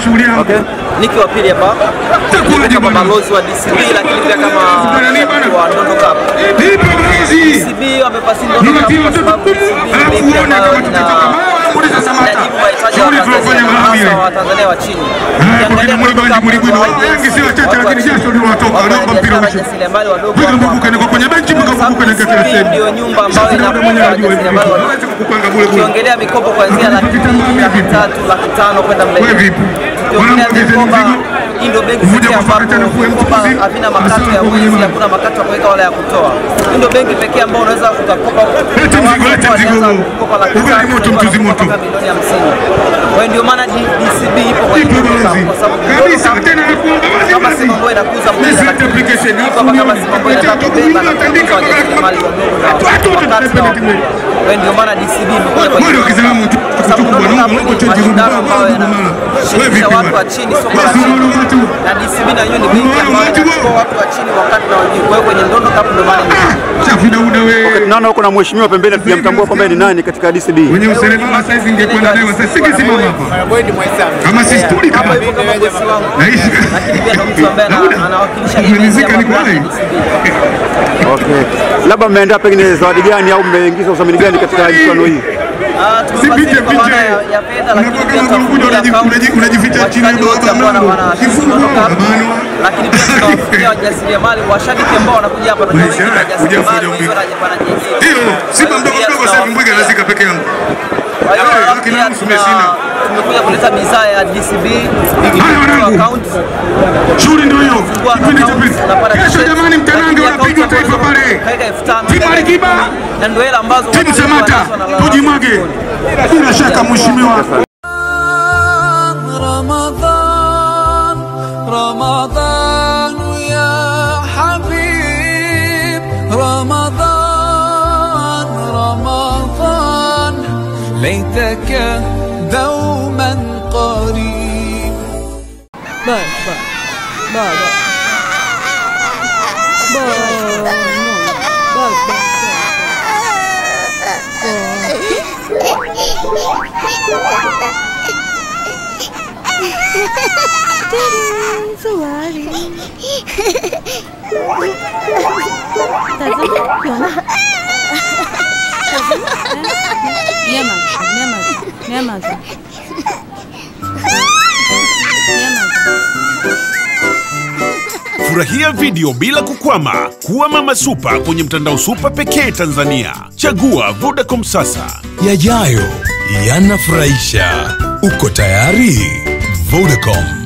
Okay. Niki wa pili hapa kama balozi wa DCB, lakini pia kama wa Nondo Cup. DCB wamepasi Cup DCB ni ambayo ina ya ndio nyumba ambayo mikopo kuanzia laki tatu, laki tano kwenda mbele hii ndio benki pekee ambapo mikoba havina makato ya mwezi, hakuna makato ya kuweka wala ya kutoa. Hii ndio benki pekee ambao unaweza ukakopa milioni hamsini. Kwa hiyo ndio maana DCB ipo kwa ndio maana DCB imekuja kwa mashindano ambayo tunaona ah, huko na mheshimiwa pembeni, hatujamtambua kwamba ni nani katika DCB. Wenye labda mmeandaa pengine zawadi gani au mmeingiza udhamini gani katika michuano hii? Ah, ah, Sipite unajificha chini lakini pia wajasiriamali peke yangu tumekuja kuleta bidhaa ya DCB account. Shughuli ndio hiyo. Kesho jamani mtani Kiba, timu Samatta, tujimwage bila shaka, mheshimiwa Ramadhan, Ramadhan ya habib Ramadhan, Ramadhan laitaka دوما قريب باي باي باي باي Furahia video bila kukwama. Kuwa Mama Supa kwenye mtandao Supa pekee Tanzania. Chagua Vodacom sasa. Yajayo yanafurahisha. Uko tayari? Vodacom